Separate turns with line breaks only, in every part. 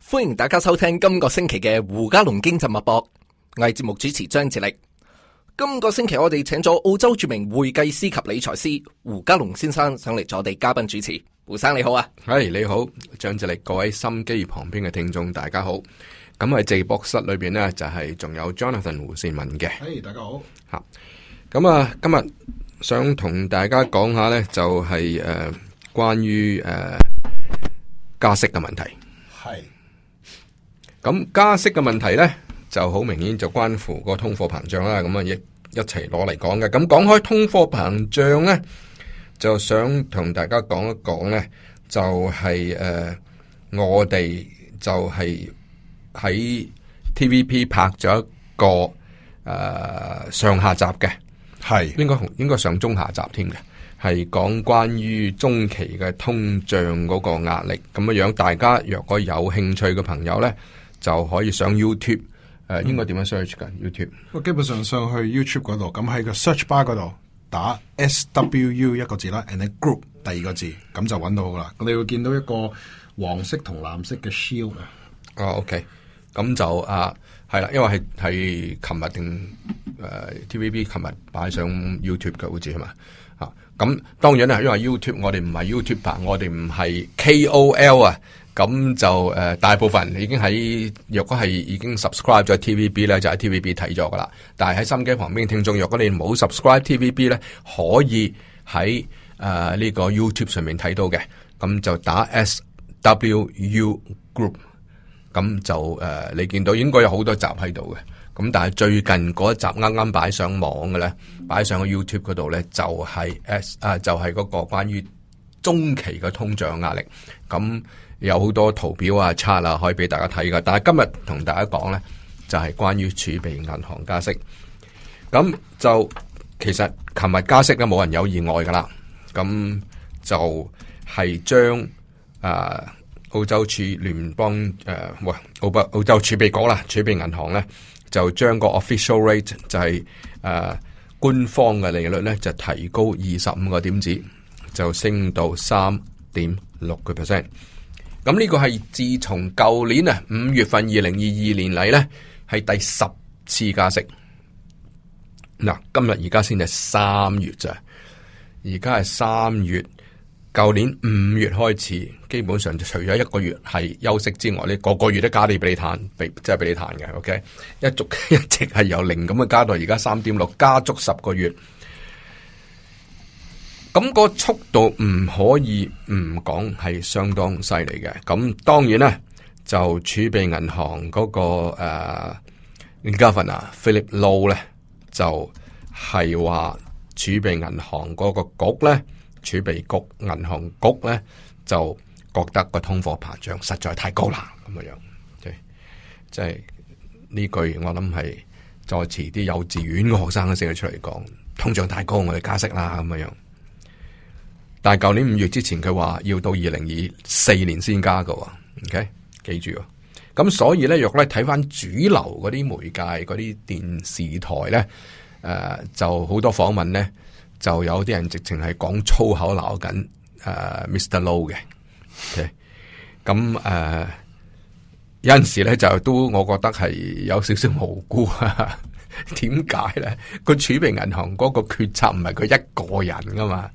歡迎大家收聽今個星期嘅胡嘉龍經濟脈搏，我係節目主持張志力。今個星期我哋請咗澳洲著名會計師及理財師胡嘉龍先生上嚟做我哋嘉賓主持。胡生你好啊，係、hey, 你好，張志力，各位心機
旁邊嘅聽眾大家好。咁喺直播室裏邊呢，就係、是、仲有 Jonathan 胡善文嘅，
誒、
hey, 大家好，好、啊。咁啊今日想同大家講一下呢，就係、是、誒、呃、關於誒、呃、加息嘅問題，係、hey.。咁加息嘅問題呢，就好明顯就關乎個通貨膨脹啦。咁啊，一一齊攞嚟講嘅。咁講開通貨膨脹呢，就想同大家講一講呢，就係、是、誒、呃，我哋就係喺 TVB 拍咗一個誒、呃、上下集嘅，係應該應該上中下集添嘅，係講關於中期嘅通脹嗰個壓力。咁樣，大家若果有興趣嘅朋友呢。就可以上 YouTube，誒、呃嗯、應該點樣 search 噶 YouTube？
我
基本上上去 YouTube 嗰度，咁喺個 search bar 嗰度打 S W U 一個字啦，and group 第二個字，咁就揾到噶啦。你會見到一個黃色同藍色嘅 shield
啊。OK，咁就啊，係啦，因為係係琴日定誒、啊、TVB 琴日擺上 YouTube 嘅好似係嘛啊？咁當然啦，因為 YouTube 我哋唔係 YouTuber，我哋唔係 K O L 啊。咁就誒、呃，大部分已經喺若果係已經 subscribe 咗 TVB 咧，就喺 TVB 睇咗㗎喇。但係喺心機旁邊聽眾，如果你冇 subscribe TVB 咧，可以喺誒呢個 YouTube 上面睇到嘅。咁就打 S W U Group，咁就誒、呃，你見到應該有好多集喺度嘅。咁但係最近嗰一集啱啱擺上網嘅咧，擺上個 YouTube 嗰度咧，就係、是、S 啊、呃，就係、是、嗰個關於中期嘅通脹壓力咁。有好多圖表啊、冊啊，可以俾大家睇噶。但係今日同大家講呢，就係、是、關於儲備銀行加息。咁就其實琴日加息咧，冇人有意外噶啦。咁就係將誒澳洲儲聯邦誒喂、啊、澳洲儲備局啦，儲備銀行呢，就將個 official rate 就係、是、誒、啊、官方嘅利率呢，就提高二十五個點子，就升到三點六個 percent。咁呢個係自從舊年啊五月份二零二二年嚟咧，係第十次加息。嗱，今日而家先至三月咋？而家係三月，舊年五月開始，基本上除咗一個月係休息之外，咧個個月都加啲俾你彈，俾即係俾你彈嘅。OK，一續一直係由零咁嘅加到而家三點六，加足十個月。咁、嗰個速度唔可以唔講，係相當犀利嘅。咁當然咧，就儲備銀行嗰、嗰個誒，加分啊，Philip Lowe 咧，就係話儲備銀行嗰個局咧，儲備局銀行局咧，就覺得個通貨膨脹實在太高啦，咁樣樣，即係呢句我諗係再遲啲，幼稚園嘅學生都寫得出嚟講，通脹太高，我哋加息啦，咁樣樣。但係舊年五月之前，佢話要到二零二四年先加嘅，OK，記住。咁所以咧，若果你睇翻主流嗰啲媒介、嗰啲電視台咧，誒、呃，就好多訪問咧，就有啲人直情係講粗口鬧緊，誒、呃、，Mr. Low 嘅。Ok，咁誒、呃，有陣時咧就都我覺得係有少少無辜。點解咧？個儲備銀行嗰個決策唔係佢一個人噶嘛？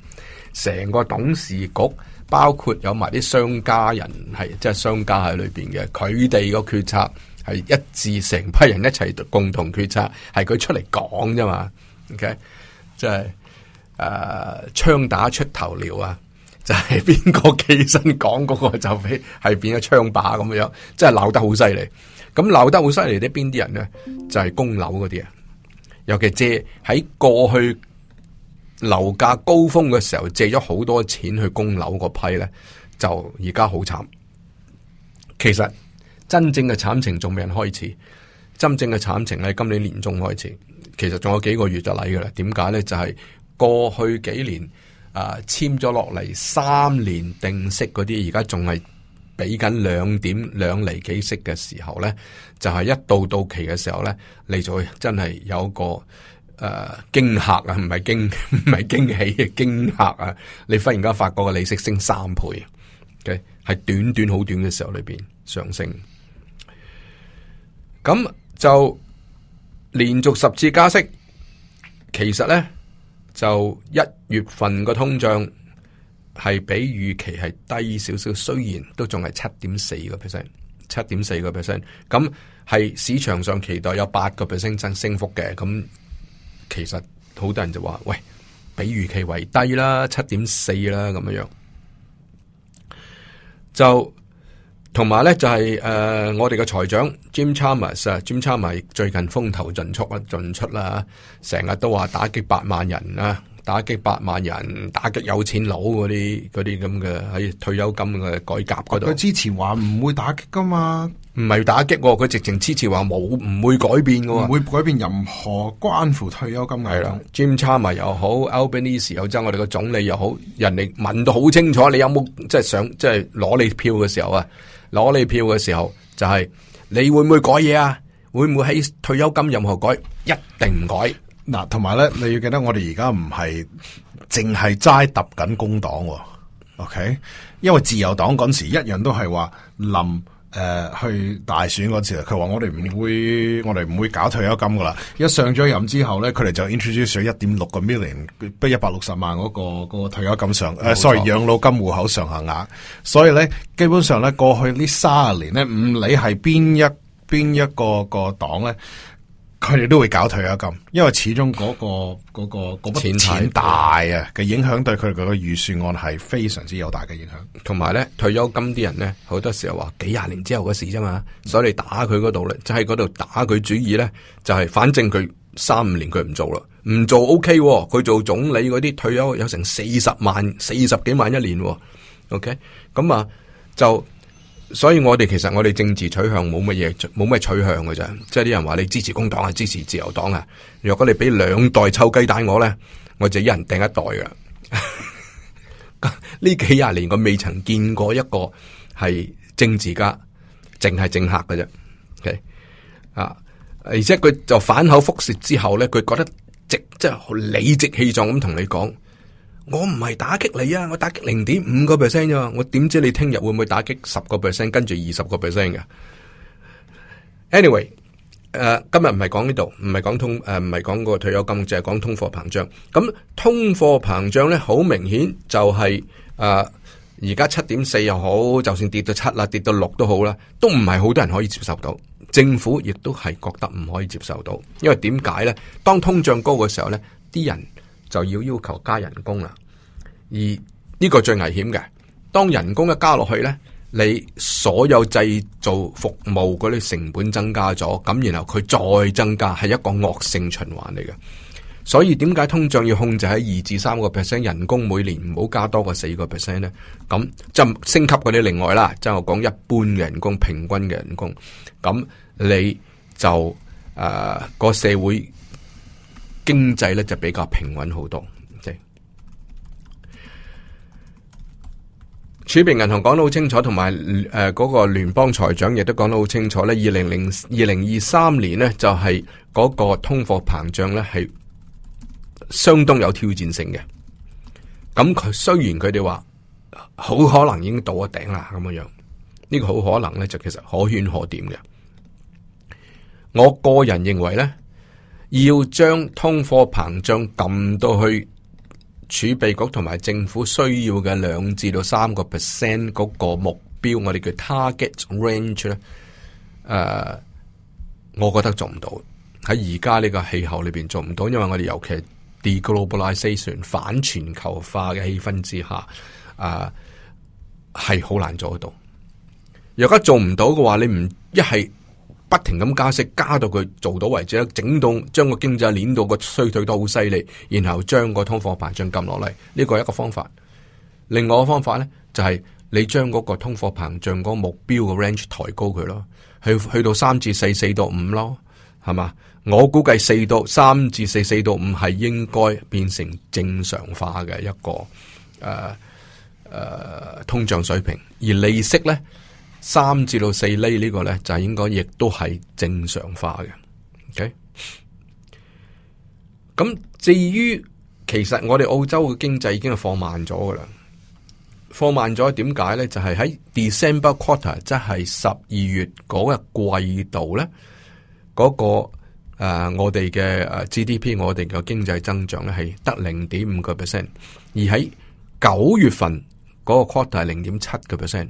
成個董事局包括有埋啲商家人，係即係商家喺裏邊嘅，佢哋個決策係一致，成批人一齊共同決策，係佢出嚟講啫嘛。OK，即係誒，槍、呃、打出頭鳥啊！就係邊個企身講嗰個就俾係變咗槍靶咁樣，即係鬧得好犀利。咁鬧得好犀利啲邊啲人咧就係、是、供樓嗰啲啊，尤其借喺過去。樓價高峰嘅時候借咗好多錢去供樓嗰批呢，就而家好慘。其實真正嘅慘情仲未開始，真正嘅慘情喺今年年中開始。其實仲有幾個月就嚟噶啦。點解呢？就係過去幾年啊簽咗落嚟三年定息嗰啲，而家仲係畀緊兩點兩厘幾息嘅時候呢，就係一到到期嘅時候呢，你就會真係有個。誒，驚嚇啊，唔係驚，唔係驚喜嘅驚嚇啊！你忽然間發覺個利息升三倍嘅，係、okay? 短短好短嘅時候裏邊上升。咁就連續十次加息，其實呢，就一月份個通脹係比預期係低少少，雖然都仲係七點四個 percent，七點四個 percent。咁係市場上期待有八個 percent 增升幅嘅，咁。其實好多人就話喂，比預期為低啦，七點四啦咁樣樣，就同埋咧就係、是、誒、呃，我哋嘅財長 Jim Chalmers 啊，Jim Chalmers 最近風頭盡速啊，進出啦，成日都話打擊百萬人啊，打擊百萬人，打擊有錢佬嗰啲嗰啲咁嘅喺退休金嘅改革嗰度。佢之
前話唔會打擊噶嘛？
唔係打擊，佢直情支持話冇唔會改變嘅，唔會改變任何關乎退休金嘅。係啦，Jim Chalmers 又好 Albanese 又爭我哋個總理又好，人哋問到好清楚，你有冇即係想即係攞你票嘅時候啊？攞你票嘅時候就係、是、你會唔會改嘢啊？會唔會喺退休金任何改？一定
唔改。嗱，同埋咧，你要記得我哋而家唔係淨係齋揼緊工黨、哦、，OK？因為自由黨嗰時一樣都係話林。誒、呃、去大選嗰時，佢話我哋唔會，我哋唔會搞退休金㗎喇。一上咗任之後咧，佢哋就 introduce 咗一點六個 million，不一百六十萬嗰個退休金上，誒，sorry，、呃、養老金戶口上限額。所以咧，基本上咧，過去呢三十年咧，唔理係邊一邊一個一個黨咧。佢哋都會搞退休金，因為始終嗰、嗰個嗰、嗰個嗰、嗰筆、錢大啊嘅影響對佢哋個預算案係非常之有大嘅影響。同埋咧，退休金啲人咧，好多時候話幾廿年之後
嘅事啫嘛，嗯、所以你打佢嗰度咧，就喺嗰度打佢主意咧，就係、是、反正佢三五年佢唔做啦，唔做 OK，佢做總理嗰啲退休有成四十萬、四十幾萬一年，OK，咁啊就。所以我哋其實我哋政治取向冇乜嘢，冇乜取向㗎咋。即係啲人話你支持工黨啊，支持自由黨啊。若果你俾兩袋臭雞蛋我咧，我就一人掟一袋嘅。呢 幾廿年我未曾見過一個係政治家淨係政客㗎咋，okay？啊，而且佢就反口覆舌之後咧，佢覺得直即係好理直氣壯咁同你講。我唔係打擊你啊！我打擊零點五個 percent 咋？我點知你聽日會唔會打擊十個 percent？跟住二十個 percent 㗎？Anyway，誒，今日唔係講呢度，唔係講通，誒，唔係講個退休金，就係講通貨膨脹。咁通貨膨脹咧，好明顯就係誒，而家七點四又好，就算跌到七啦，跌到六都好啦，都唔係好多人可以接受到。政府亦都係覺得唔可以接受到，因為點解咧？當通脹高嘅時候咧，啲人。就要要求加人工啦，而呢個最危險嘅，當人工一加落去呢，你所有製造服務嗰啲成本增加咗，咁然後佢再增加，係一個惡性循環嚟嘅。所以點解通脹要控制喺二至三個 percent，人工每年唔好加多過四個 percent 呢？咁就升級嗰啲另外啦，即係我講一般人工、平均嘅人工，咁你就誒、呃那個社會。經濟咧就比較平穩好多，即係儲備銀行講得好清楚，同埋誒嗰個聯邦財長亦都講得好清楚咧。二零零二零二三年呢，就係嗰個通貨膨脹咧係相當有挑戰性嘅。咁佢雖然佢哋話好可能已經到咗頂啦，咁樣樣呢個好可能咧就其實可圈可點嘅。我個人認為咧。要將通貨膨脹撳到去儲備局同埋政府需要嘅兩至到三個 percent 嗰個目標，我哋叫 target range 咧，誒，我覺得做唔到。喺而家呢個氣候裏邊做唔到，因為我哋尤其係 deglobalization 反全球化嘅氣氛之下，係係好難做得到。若果做唔到嘅話，你唔一係。不停咁加息，加到佢做到為止，整到將個經濟碾到個衰退到好犀利，然後將個通貨膨脹撳落嚟，呢個係一個方法。另外一個方法呢，就係你將嗰個通貨膨脹嗰個目標嘅 range 抬高佢咯，去去到三至四、四到五咯，係嘛？我估計四到三至四、四到五係應該變成正常化嘅一個誒誒通脹水平，而利息呢？三至到四厘呢個呢，就應該亦都係正常化嘅。OK，咁至於其實我哋澳洲嘅經濟已經係放慢咗㗎喇，放慢咗點解呢？就係、是、喺 December quarter，即係十二月嗰個季度呢，嗰、嗰個誒、呃、我哋嘅誒 GDP，我哋嘅經濟增長咧係得零點五個 percent，而喺九月份嗰個 quarter 係零點七個 percent。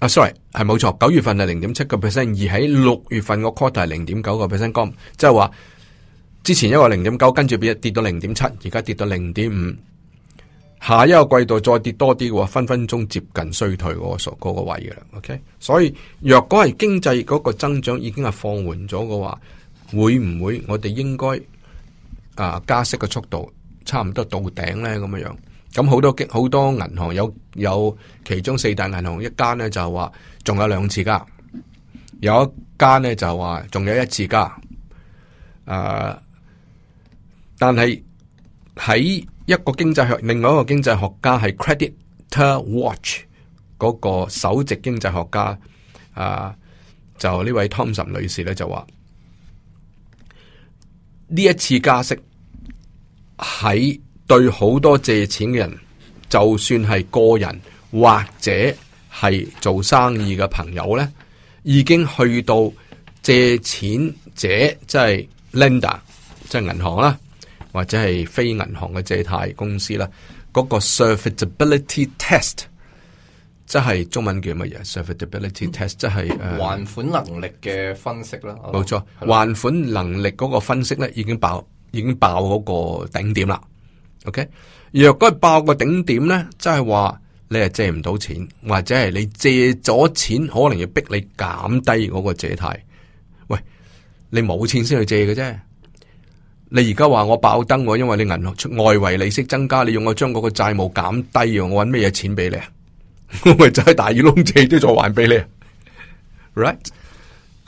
啊，sorry，係冇錯，九月份係零點七個 percent，而喺六月份個 quarter 係零點九個 percent 高，即係話之前一個零點九，跟住變跌到零點七，而家跌到零點五，下一個季度再跌多啲嘅話，分分鐘接近衰退嗰個數嗰個位嘅啦。OK，所以若果係經濟嗰個增長已經係放緩咗嘅話，會唔會我哋應該啊加息嘅速度差唔多到頂咧咁嘅樣？咁好多好多銀行有有其中四大銀行，一間咧就話仲有兩次加，有一間咧就話仲有一次加，啊！但係喺一個經濟學，另外一個經濟學家係 Credit Watch 嗰個首席經濟學家啊，就呢位 Thomson 女士咧就話呢一次加息喺。對好多借錢嘅人，就算係個人或者係做生意嘅朋友呢，已經去到借錢者即係 lender，即係銀行啦，或者係非銀行嘅借貸公司啦，嗰、那個 serviceability test 即係中文叫乜嘢？serviceability test 即係還
款能力嘅分析啦。冇錯，
還款能力嗰、哦、個分析呢已經爆，已經爆嗰個頂點啦。OK，若果係爆個頂點咧，即係話你係借唔到錢，或者係你借咗錢，可能要逼你減低嗰個借貸。喂，你冇錢先去借嘅啫。你而家話我爆燈，我因為你銀行出外圍利息增加，你用我將嗰個債務減低，我搵咩嘢錢俾你啊？我 咪就係大耳窿借都再還俾你啊？Right？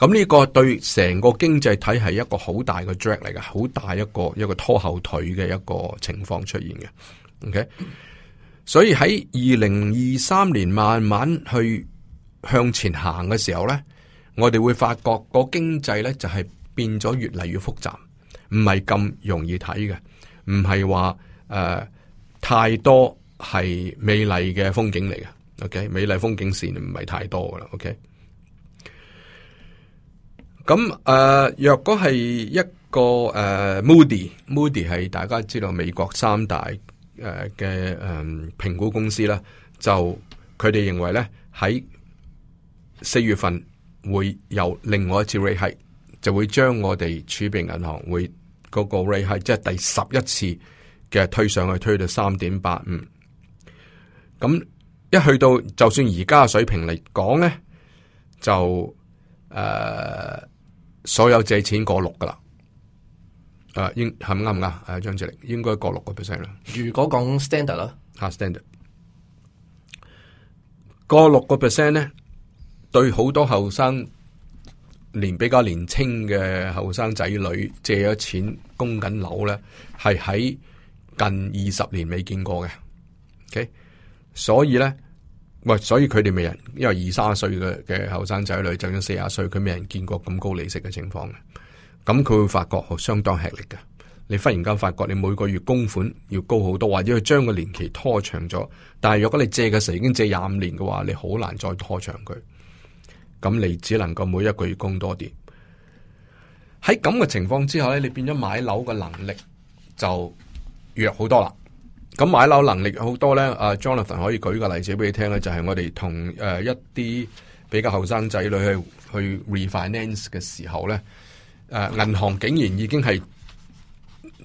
咁呢個對成個經濟體係一個好大嘅 drag 嚟嘅，好大一個一個拖後腿嘅一個情況出現嘅。OK，所以喺二零二三年慢慢去向前行嘅時候呢，我哋會發覺個經濟呢就係變咗越嚟越複雜，唔係咁容易睇嘅，唔係話誒太多係美麗嘅風景嚟嘅。OK，美麗風景線唔係太多噶啦。OK。咁誒、呃，若果係一個誒、呃、Moody，Moody 係大家知道美國三大誒嘅誒評估公司啦，就佢哋認為咧，喺四月份會有另外一次 rate hike 就會將我哋儲備銀行會嗰個 rate hike 即係第十一次嘅推上去，推到三點八五。咁一去到就算而家嘅水平嚟講咧，就誒。呃所有借錢過六噶啦，誒、啊，應係啱唔啱？誒，張志玲應該過六個 percent 啦。如果講 standard 啦，吓 standard，過六個 percent 咧，對好多後生，年比較年青嘅後生仔女借咗錢供緊樓咧，係喺近二十年未見過嘅。ok，所以咧。喂，所以佢哋未人，因為二三十歲嘅嘅後生仔女，就算四十歲，佢未人見過咁高利息嘅情況嘅，咁佢會發覺相當吃力嘅。你忽然間發覺你每個月供款要高好多，或者佢將個年期拖長咗。但係若果你借嘅時候已經借廿五年嘅話，你好難再拖長佢。咁你只能夠每一個月供多啲。喺咁嘅情況之下咧，你變咗買樓嘅能力就弱好多啦。咁買樓能力好多咧，阿 Jonathan 可以舉個例子俾你聽咧，就係、是、我哋同誒一啲比較後生仔女去去 refinance 嘅時候咧，誒銀行竟然已經係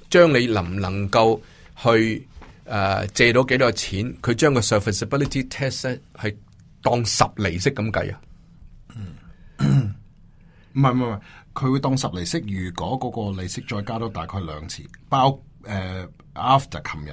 將你能唔能夠去誒借到幾多錢，佢將個 serviceability test 係當十厘息咁計啊！唔
係唔係唔係，佢會當十厘息。如果嗰個利息再加多大概兩次，包誒、uh, after 琴日。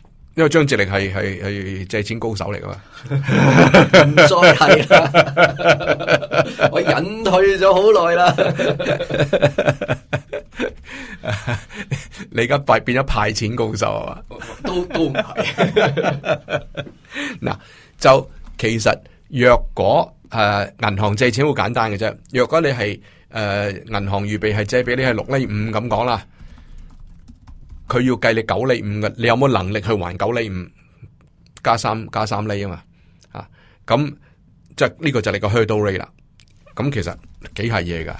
因為張智力係係係借錢高手嚟噶嘛，唔 再係是啦， 我隱退咗好耐啦。 你而家派變咗派錢高手嘛？
都都唔係。
嗱，
就其實若果誒銀、呃、行借錢好簡單嘅啫，若果你係誒銀行預備係借俾你係六厘五咁講啦。佢要計你九厘五嘅，你有冇能力去還九厘五加三加三厘嘛啊？嘛咁，即係呢個就你個 Hurdle Rate 啦。咁其實幾係嘢噶，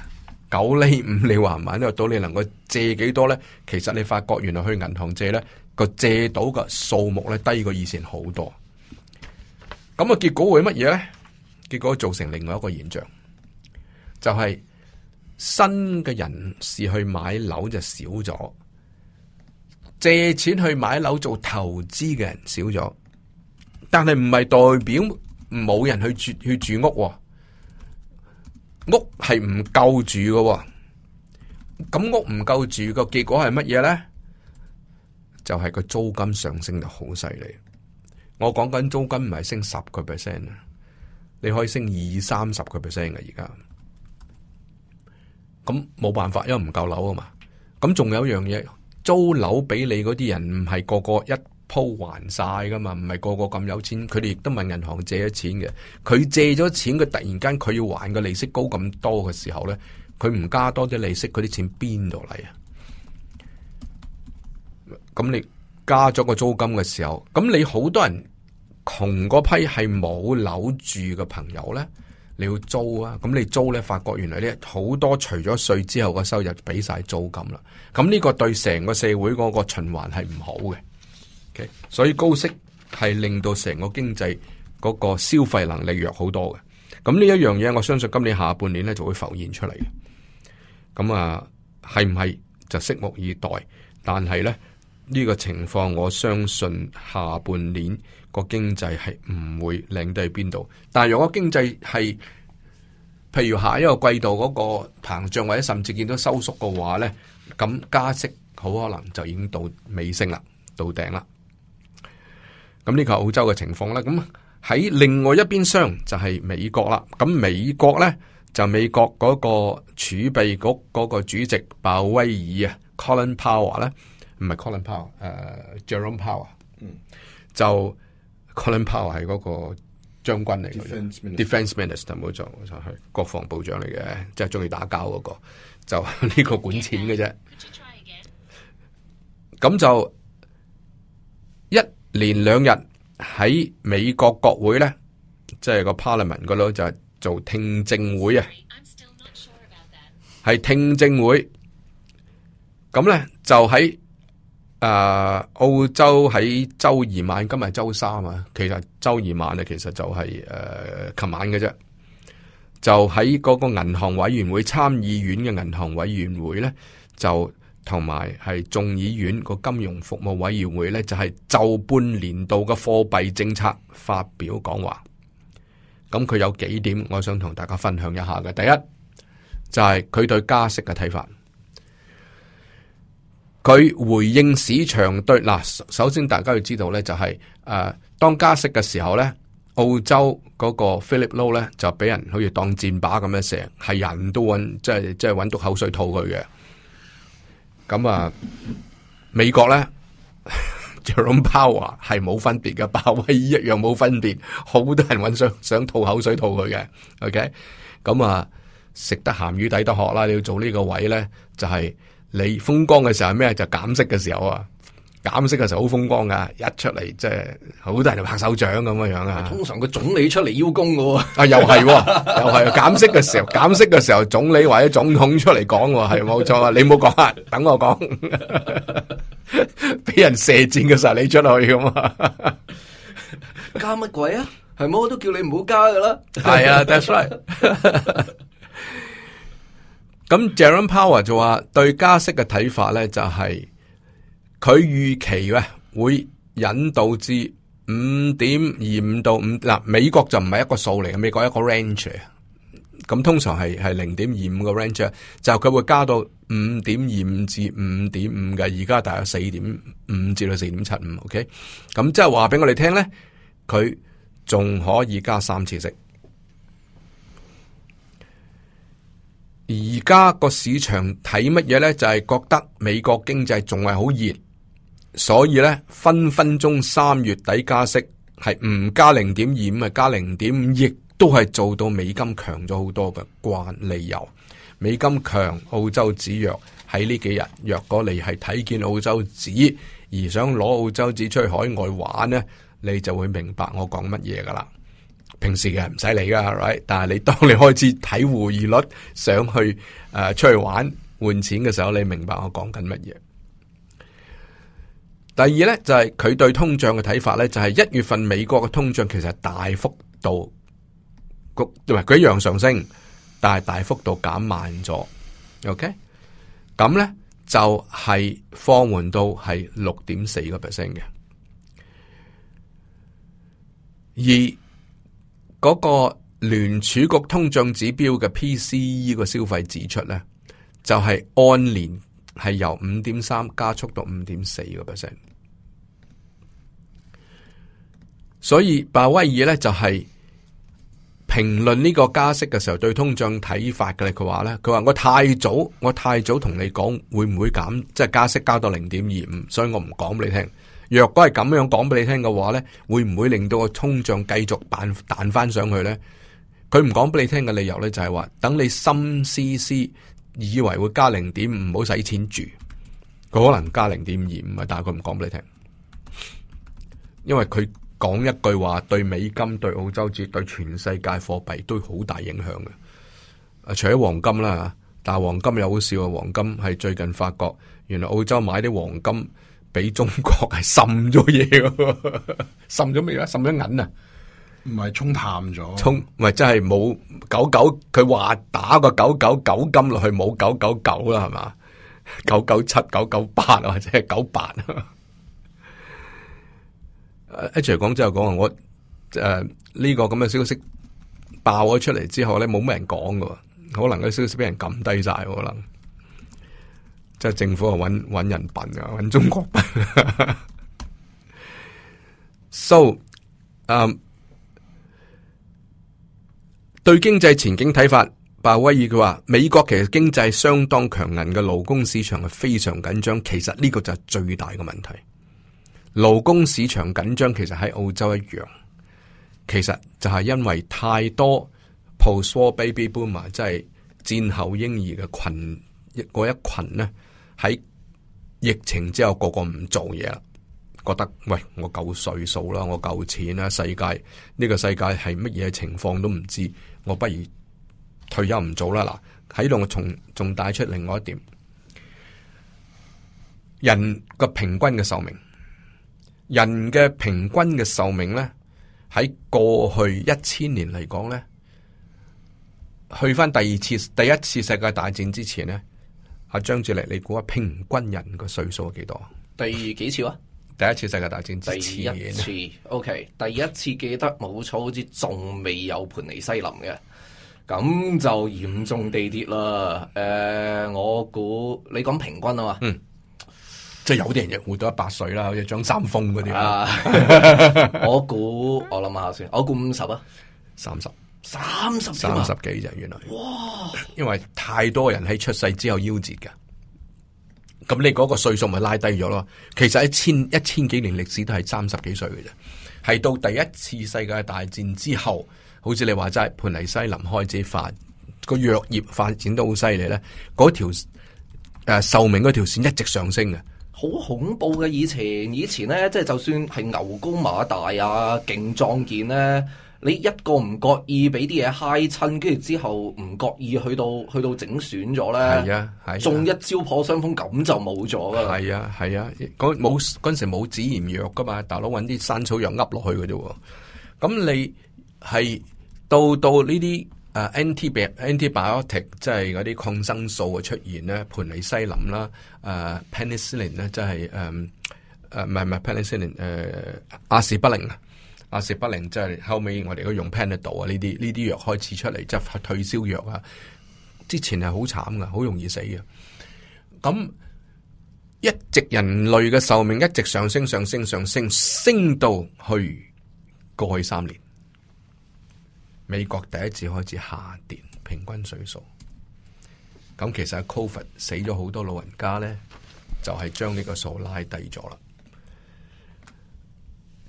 九厘五你還唔還得到？你能夠借幾多咧？其實你發覺原來去銀行借咧個借到嘅數目咧低過以前好多。咁啊，結果會乜嘢咧？結果造成另外一個現象，就係、是、新嘅人士去買樓就少咗。借錢去買樓做投資嘅人少咗，但係唔係代表冇人去住去住屋，喔，屋係唔夠住嘅，喔，咁屋唔夠住個結果係乜嘢咧？就係、是、個租金上升得好犀利。我講緊租金唔係升十個 percent 啊，你可以升二三十個 percent 嘅而家，咁冇辦法，因為唔夠樓啊嘛。咁仲有一樣嘢。租樓俾你嗰啲人唔係個個一鋪還晒噶嘛，唔係個個咁有錢，佢哋亦都問銀行借咗錢嘅。佢借咗錢，佢突然間佢要還個利息高咁多嘅時候呢，佢唔加多啲利息，佢啲錢邊度嚟啊？咁你加咗個租金嘅時候，咁你好多人窮嗰批係冇樓住嘅朋友呢。你要租啊，咁你租呢，發覺原來呢，好多除咗稅之後嘅收入俾晒租金啦，咁呢個對成個社會嗰個循環係唔好嘅。OK，所以高息係令到成個經濟嗰個消費能力弱好多嘅。咁呢一樣嘢，我相信今年下半年呢就會浮現出嚟嘅。咁啊，係唔係就拭目以待？但係呢。呢個情況，我相信下半年個經濟係唔會靚得去邊度。但係如果經濟係，譬如下一個季度嗰個膨脹或者甚至見到收縮嘅話呢，咁加息好可能就已經到尾聲啦，到頂啦。咁呢個澳洲嘅情況咧，咁喺另外一邊廂就係美國啦。咁美國呢，就美國嗰個儲備局嗰個主席鮑威爾啊，Colin Powell 咧。唔係 Colin Powell，誒、uh, Jerome Powell、mm. 就 Colin Powell 係嗰個將軍嚟嘅 Defense Minister 冇錯就錯係國防部長嚟嘅，即係中意打交嗰、那個就呢個管錢嘅啫。咁、yeah, 就一連兩日喺美國國會咧，即、就、係、是、個 parliament 嗰度就做聽證會啊，係、sure、聽證會咁咧就喺。Uh, 澳洲喺周二晚，今日周三啊。其實周二晚咧，其實就係、是、誒，琴、uh, 晚嘅啫。就喺嗰個銀行委員會、參議院嘅銀行委員會咧，就同埋係眾議院個金融服務委員會咧，就係、是、就半年度嘅貨幣政策發表講話。咁佢有幾點，我想同大家分享一下嘅。第一就係、是、佢對加息嘅睇法。佢回應市場對嗱，首先大家要知道咧、就是，就係誒，當加息嘅時候咧，澳洲嗰個 Philip Lowe 咧就俾人好似當箭靶咁樣射，係人都搵，即係即係揾督口水吐佢嘅。咁啊，美國咧 Jerome Powell 係冇分別嘅，鮑威一樣冇分別，好多人搵想想吐口水吐佢嘅。OK，咁啊，食得咸魚抵得渴啦，你要做呢個位咧，就係、是。你風光嘅時候係咩？就是、減息嘅時候啊，減息嘅時候好風光噶，一出嚟即係好多人拍手掌咁樣樣啊。通常個總理出嚟邀功噶、哦， 啊又係，又係、哦哦、減息嘅時候，減息嘅時候總理或者總統出嚟講，係冇錯啊。 你唔好講，等我講，俾 人射箭嘅時候你出去咁啊，
加乜鬼啊？係冇我都叫你唔好加噶啦。係 啊 Yeah ,，that's right。
咁 Jerome Powell 就話對加息嘅睇法咧，就係佢預期咧會引導至五點二五到五嗱，美國就唔係一個數嚟嘅，美國一個 range 啊，咁通常係係零點二五個 range，就佢會加到五點二五至五點五嘅，而家大約四點五至到四點七五，OK，咁即係話俾我哋聽咧，佢仲可以加三次息。而家個市場睇乜嘢呢？就係覺得美國經濟仲係好熱，所以呢，分分鐘三月底加息係唔加零點二五啊，加零點五亦都係做到美金強咗好多嘅。關理由美金強，澳洲紙弱喺呢幾日。若果你係睇見澳洲紙而想攞澳洲紙出去海外玩呢，你就會明白我講乜嘢噶啦。平時嘅唔使理噶，right？但係你當你開始睇匯率，想去誒出去玩換錢嘅時候，你明白我講緊乜嘢？第二咧就係佢對通脹嘅睇法咧，就係一月份美國嘅通脹其實係大幅度，唔係佢一樣上升，但係大幅度減慢咗。OK，咁咧就係放緩到係六點四個 percent 嘅，而。嗰、那個聯儲局通脹指標嘅 PCE 個消費支出咧，就係按年係由五點三加速到五點四個 percent，所以鮑威爾咧就係評論呢個加息嘅時候對通脹睇法嘅咧，佢話咧佢話我太早，我太早同你講會唔會減，即、就、係、是、加息加到零點二五，所以我唔講畀你聽。若果係咁樣講俾你聽嘅話呢，會唔會令到個通脹繼續彈返翻上去呢？佢唔講俾你聽嘅理由呢、就係，就係話等你心思思以為會加零點五，唔好使錢住，佢可能加零點二五啊，但係佢唔講俾你聽，因為佢講一句話對美金、對澳洲紙、對全世界貨幣都好大影響嘅。除咗黃金啦，但係黃金又好笑啊！黃金係最近發覺，原來澳洲買啲黃金。俾中國係滲
咗嘢噶，滲咗咩啊？滲咗銀啊？唔係沖淡咗，沖
唔係真係冇九九，佢話打個九九九金落去冇九九九啦，係嘛？九九七、九九八或者係九八。誒，H 瑞講之後講話我誒呢個咁嘅消息爆咗出嚟，之後咧，冇咩人講噶，可能個消息俾人撳低晒噶，可能。即係政府啊，揾揾人笨啊，揾中國笨。 So，嗯、um,，對經濟前景睇法，鮑威爾佢話美國其實經濟相當強硬，嘅勞工市場係非常緊張，其實呢個就係最大嘅問題。勞工市場緊張，其實喺澳洲一樣，其實就係因為太多 post-war baby boomer 即係戰後嬰兒嘅群，一嗰一群呢。喺疫情之後，個個唔做嘢啦，覺得喂，我夠歲數啦，我夠錢啦，世界呢個世界係乜嘢情況都唔知，我不如退休唔做啦。嗱，喺度我從仲帶出另外一點，人嘅平均嘅壽命，人嘅平均嘅壽命咧，喺過去一千年嚟講咧，去翻第二次第一次世界大戰之前咧。阿張智力，你估下平均人個歲數係幾多？
第二幾次啊？ 第一次世界大戰之前，OK，第一次記得冇錯，好似仲未有盤尼西林嘅，咁就嚴重啲啲啦。誒，我估你講平均啊嘛，嗯，即、呃、係、嗯就是、有啲人亦活到一百歲啦，好似張三豐嗰啲。我估我諗下先，我估五十啊，三十。三十幾，三十
幾啫，原來。哇！
因
為太多人喺出世之後夭折嘅，咁你嗰個歲數咪拉低咗咯？其實一千一千幾年歷史都係三十幾歲嘅啫，係到第一次世界大戰之後，好似你話齋，盤尼西林開始發個藥業發展都好犀利咧，嗰條誒壽命嗰條線一直上升嘅，
好恐怖嘅。以前以前咧，即係就算係牛高馬大啊，勁壯健咧。你一個唔覺意俾啲嘢揩親，跟住之後唔覺意去到去到整損咗咧，中一招破傷風咁就冇咗噶
啦。係啊係啊，嗰冇嗰陣時冇止炎藥噶嘛，大佬搵啲山草藥噏落去嘅啫。咁你係到到呢啲誒 NT antibiotic 即係嗰啲抗生素嘅出現咧，盤尼西林啦，誒 penicillin 咧，即係誒誒唔係唔係 penicillin 誒阿士不靈啊。阿舌不靈，後尾我哋都用 Panadol 啊！呢啲呢啲藥開始出嚟，即係退燒藥啊！之前係好慘噶，好容易死嘅。咁一直人類嘅壽命一直上升上升上升，升到去過去三年，美國第一次開始下跌平均歲數。咁其實 Covid 死咗好多老人家呢，就係將呢個數拉低咗啦。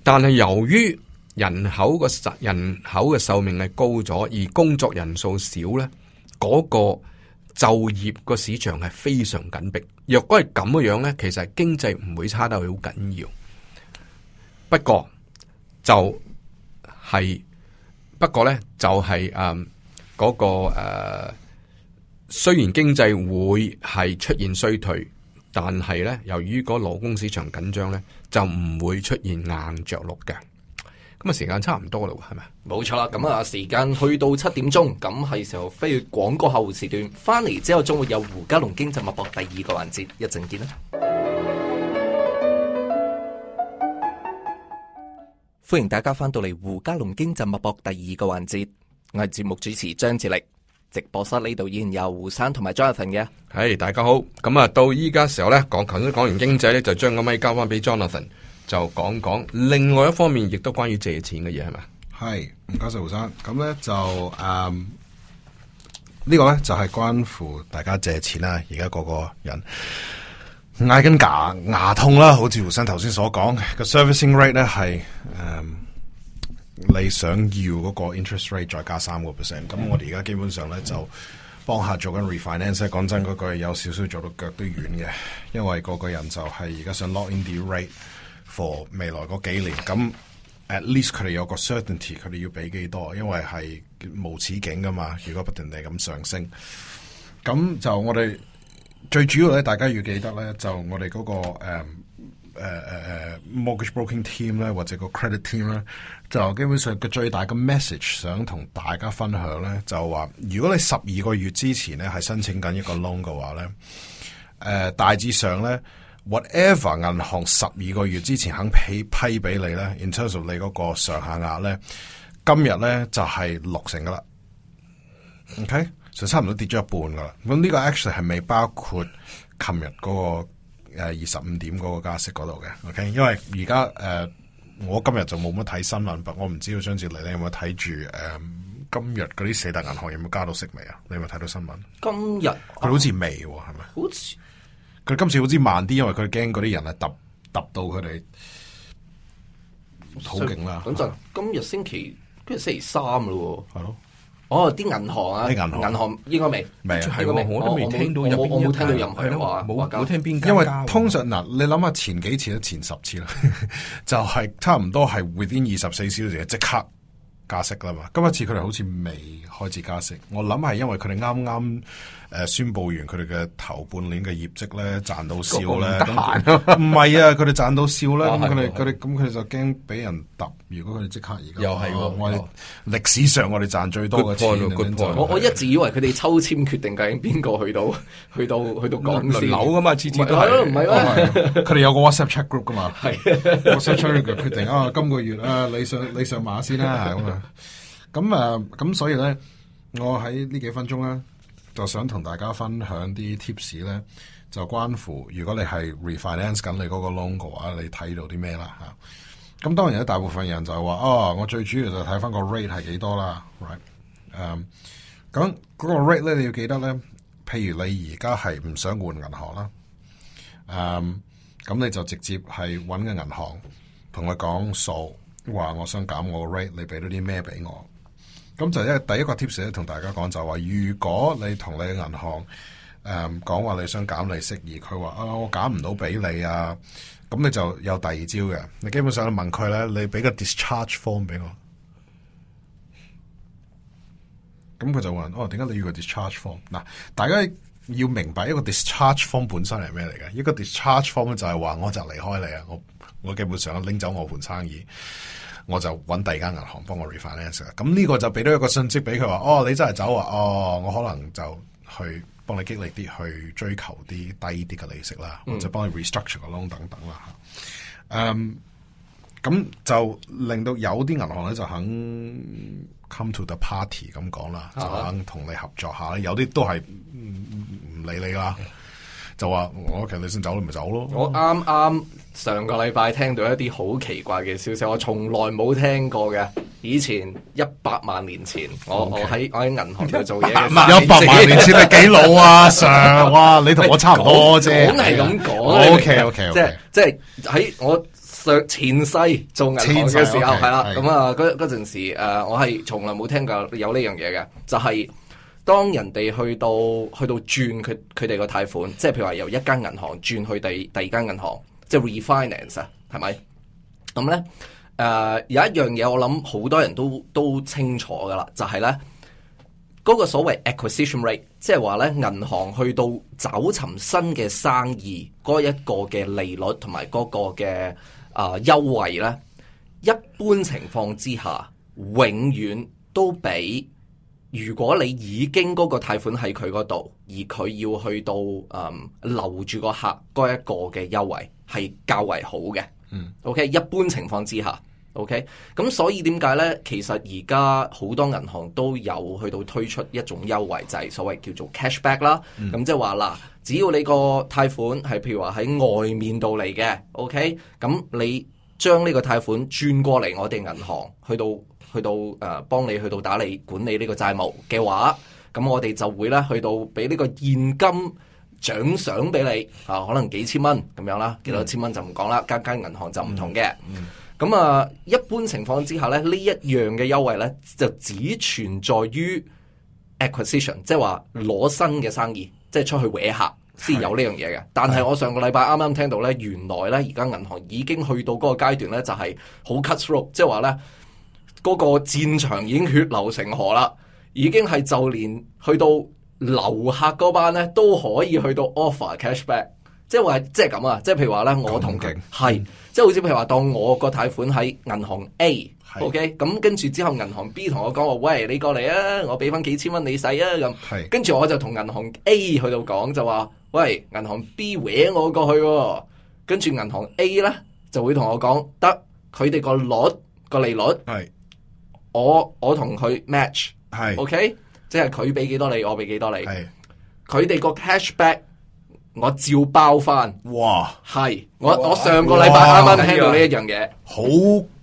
但係由於，人口嘅人口嘅壽命係高咗，而工作人數少呢，嗰、嗰個就業個市場係非常緊迫。若果係咁嘅樣呢，其實經濟唔會差得好緊要。不過就係、是、不過呢就係誒嗰個誒、呃，雖然經濟會係出現衰退，但係呢，由於嗰勞工市場緊張呢，就唔會出現硬着陸嘅。咁啊，是時間差唔多啦，係咪？
冇錯啦，咁啊，時間去到七點鐘，咁係時候飛去廣告後時段，翻嚟之後將會有胡家龍經濟脈搏第二個環節，一陣見啦！歡迎大家翻到嚟胡家龍經濟脈搏第二個環節，我係節目主持張智力，直播室呢度依然有胡生同埋 Jonathan 嘅，係、hey, 大家好，咁啊到依家時候咧，講頭先講完經濟咧，就將個咪交翻俾 Jonathan。
就講講，另外一方面亦都關於借錢嘅嘢係咪？
係，唔該晒胡生咁咧就嗯、這個、呢個咧就係、是、關乎大家借錢啦、啊。而家個個人嗌緊牙牙痛啦，好似胡生頭先所講個 servicing rate 咧係嗯你想要嗰個 interest rate 再加三個 percent。咁我哋而家基本上咧就幫下做緊 refinance。講真嗰句，有少少做到腳都軟嘅，因為個個人就係而家想 lock in the rate。for 未來嗰幾年，咁 at least 佢哋有個 certainty，佢哋要俾幾多，因為係無止境噶嘛。如果不斷地咁上升，咁就我哋最主要咧，大家要記得咧，就我哋嗰個誒誒誒 mortgage broking team 咧，或者個 credit team 咧，就基本上嘅最大嘅 message 想同大家分享咧，就話如果你十二個月之前咧係申請緊一個 loan 嘅話咧，誒大致上咧。whatever 銀行十二個月之前肯批批俾你咧，In terms of 你嗰個上限額咧，今日咧就係、是、六成噶啦。OK，就、so, 差唔多跌咗一半噶啦。咁呢個 action 係未包括琴日嗰個誒二十五點嗰個加息嗰度嘅。OK，因為而家誒我今日就冇乜睇新聞，但我唔知道張志禮你有冇睇住誒今日嗰啲四大銀行有冇加到息未啊？你有冇睇到新聞？
今日
佢好似未係咪？好似。佢今次好似慢啲，因為佢驚嗰啲人係揼揼到佢哋
好勁啦。咁就今日星期今日星期三喇喎，係咯？哦，啲銀行啊，銀行銀行應該未未係我都未聽到我，我冇聽到任何
話冇冇聽邊，因為通常嗱，你諗下前幾次都前十次啦， 就係差唔多係 within 二十四小時即刻加息啦嘛。今一次佢哋好似未開始加息，我諗係因為佢哋啱啱。誒，宣布完佢哋嘅頭半年嘅業績咧，賺到笑咧，唔、那、係、個、啊，佢哋賺到笑咧，咁佢哋佢哋咁佢哋就驚俾人揼。如果佢哋即刻而家又係喎，我哋歷史上我哋賺最多嘅錢。Point, you know, 就是、我我一直
以為佢哋抽籤決定究竟邊個去到 去到去到，去到港樓噶 嘛，次次都係唔係啊？
佢
哋、啊、 有個 WhatsApp chat group 噶嘛，係 WhatsApp chat group 決定啊、 哦，今個月啊，你上你上馬先啦，係咁啊，咁、 啊、咁所以咧，我喺呢幾分鐘啦。就想同大家分享啲 tips 咧，就關乎如果你係 refinance 緊你嗰個 loan 嘅話，你睇到啲咩啦嚇？咁當然咧，大部分人就係話啊，我最主要就睇翻、right? um, 個 rate 係幾多啦，right？咁嗰個 rate 咧，你要記得咧，譬如你而家係唔想換銀行啦，咁、um, 你就直接係揾個銀行同佢講數，話我想減我個 rate，你俾多啲咩俾我？咁就一第一個 tips 咧，同大家講就話、是，如果你同你銀行誒講話你想減利息，而佢話啊我減唔到俾你啊，咁你就有第二招嘅。你基本上你問佢咧，你俾個 discharge form 俾我，咁佢就話哦，點解你要個 discharge form？嗱，大家要明白一個 discharge form 本身係咩嚟嘅？一個 discharge form 就係話我就離開你啊，我我基本上拎走我盤生意。我就揾第二間銀行幫我 refinance 咁呢個就俾到一個訊息俾佢話，哦，你真係走啊？哦，我可能就去幫你激勵啲去追求啲低啲嘅利息啦，或者幫你 restructure 個 loan 等等啦嚇，咁、嗯 um, 就令到有啲銀行咧就肯 come to the party 咁講啦，就肯同你合作下，有啲都係唔理你啦。嗯就話我其實你先走你咪走咯。我
啱啱上個禮拜聽到一啲好奇怪嘅消息，我從來冇聽過嘅。以前一百萬年前，我、okay. 我喺我喺銀行度做嘢。一 百萬年前 你幾老啊？上啊？你同我差唔多啫。本係咁講。O K O K 即係即係喺我上前世做銀行嘅時候，係啦。咁、okay, 啊，嗰嗰陣時誒，我係從來冇聽過有呢樣嘢嘅，就係、是。當人哋去到去到轉佢佢哋個貸款，即係譬如話由一間銀行轉去第第二間銀行，即係 refinance 啊，係咪？咁呢誒有一樣嘢我諗好多人都都清楚噶啦，就係呢嗰個所謂 acquisition rate，即係話呢銀行去到找尋新嘅生意嗰一個嘅利率同埋嗰個嘅啊優惠呢一般情況之下永遠都比。如果你已經嗰個貸款喺佢嗰度，而佢要去到誒、嗯、留住個客嗰個，嗰一個嘅優惠係較為好嘅。嗯，OK，一般情況之下，OK，咁所以點解呢？其實而家好多銀行都有去到推出一種優惠制，就係、所謂叫做 cashback 啦。咁即係話嗱，只要你個貸款係譬如話喺外面度嚟嘅，OK，咁你將呢個貸款轉過嚟我哋銀行去到。去到、呃、幫你去到打理管理呢個債務嘅話，咁我哋就會咧去到俾呢個現金獎賞俾你啊，可能幾千蚊咁樣啦，幾多千蚊就唔講啦，間、嗯、間銀行就唔同嘅。咁、嗯嗯、啊，一般情況之下咧，呢一樣嘅優惠咧就只存在於 acquisition，即係話攞新嘅生意，嗯、即係出去搲客先有呢樣嘢嘅。但係我上個禮拜啱啱聽到咧，原來咧而家銀行已經去到嗰個階段咧，就係、是、好 cutthroat，即係話咧。嗰個戰場已經血流成河啦，已經係就連去到留客嗰班呢都可以去到 offer cashback，即係話即係咁啊！即係譬如話呢，我同佢係即係好似譬如話，當我個貸款喺銀行 A，OK，咁跟住之後銀行 B 同我講喂，你過嚟啊，我俾翻幾千蚊你使啊，咁，跟住我就同銀行 A 去到講就話，喂，銀行 B 搲我過去喎、哦，跟住銀行 A 呢，就會同我講得，佢哋個率個利率我我同佢 match，係，OK，即係佢俾幾多你，我俾幾多你，係。佢哋個 cashback 我照包翻，哇！係，我我上個禮拜啱啱聽到呢一樣嘢，好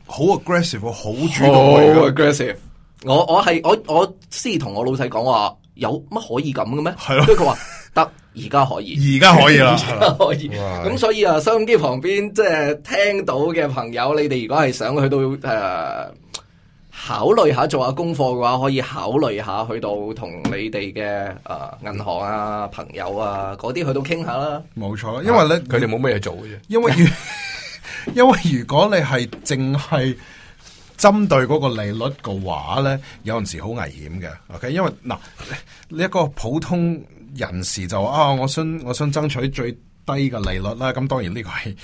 好 aggressive，好主動，好 aggressive。我我係我我先同我老細講話，有乜可以咁嘅咩？係咯，佢話得，而 家可以，而家可以啦，而家可以。咁、嗯、所以啊，收音機旁邊即係聽到嘅朋友，你哋如果係想去到誒。啊考慮下做下功課嘅話，可以考慮下去到同你哋嘅誒銀行啊、朋友啊嗰啲去到傾下啦。冇錯，因為咧佢哋冇
乜嘢做嘅啫。
因為如因為如果你
係淨係針對嗰個利率嘅話咧，有陣時好危險嘅。OK，因為嗱你一個普通人士就話啊，我想我想爭取最低嘅利率啦。咁當然呢個係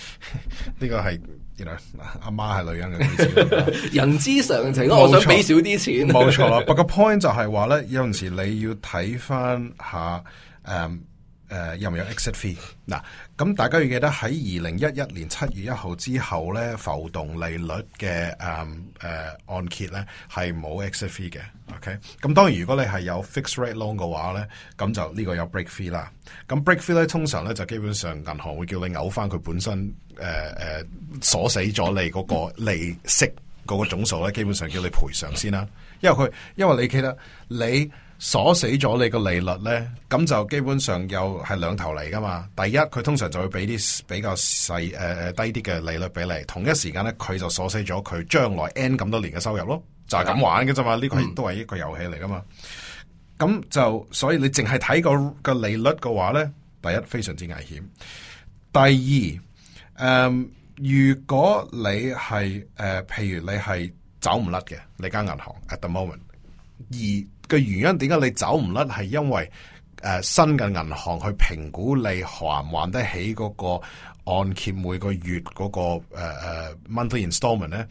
呢 個係。阿 you know，媽係女人嘅， 人之常情。我想俾少啲錢，冇錯啦。不 過 point 就係話咧，有陣時你要睇翻下。誒。誒、uh，有唔有 exit fee？嗱，咁大家要記得喺二零一一年七月一號之後咧，浮動利率嘅誒誒按揭咧係冇 exit fee 嘅。OK，咁當然如果你係有 fixed rate loan 嘅話咧，咁就呢個有 break fee 啦。咁 break fee 咧通常咧就基本上銀行會叫你嘔翻佢本身誒誒鎖死咗你嗰個利息嗰個總數咧，嗯，基本上叫你賠償先啦。因為佢，因為你記得你。鎖死咗你個利率咧，咁就基本上又係兩頭嚟噶嘛。第一，佢通常就會俾啲比較細誒誒、呃、低啲嘅利率俾你，同一時間咧，佢就鎖死咗佢將來 N 咁多年嘅收入咯。就係、是、咁玩嘅啫嘛，呢、這個亦都係一個遊戲嚟噶嘛。咁、嗯、就所以你淨係睇個個利率嘅話咧，第一非常之危險。第二誒、嗯，如果你係誒、呃，譬如你係走唔甩嘅你間銀行 at the moment，二。嘅原因點解你走唔甩係因為誒、呃、新嘅銀行去評估你還唔還得起嗰個按揭每個月嗰、嗰個誒誒、呃、monthly instalment l 咧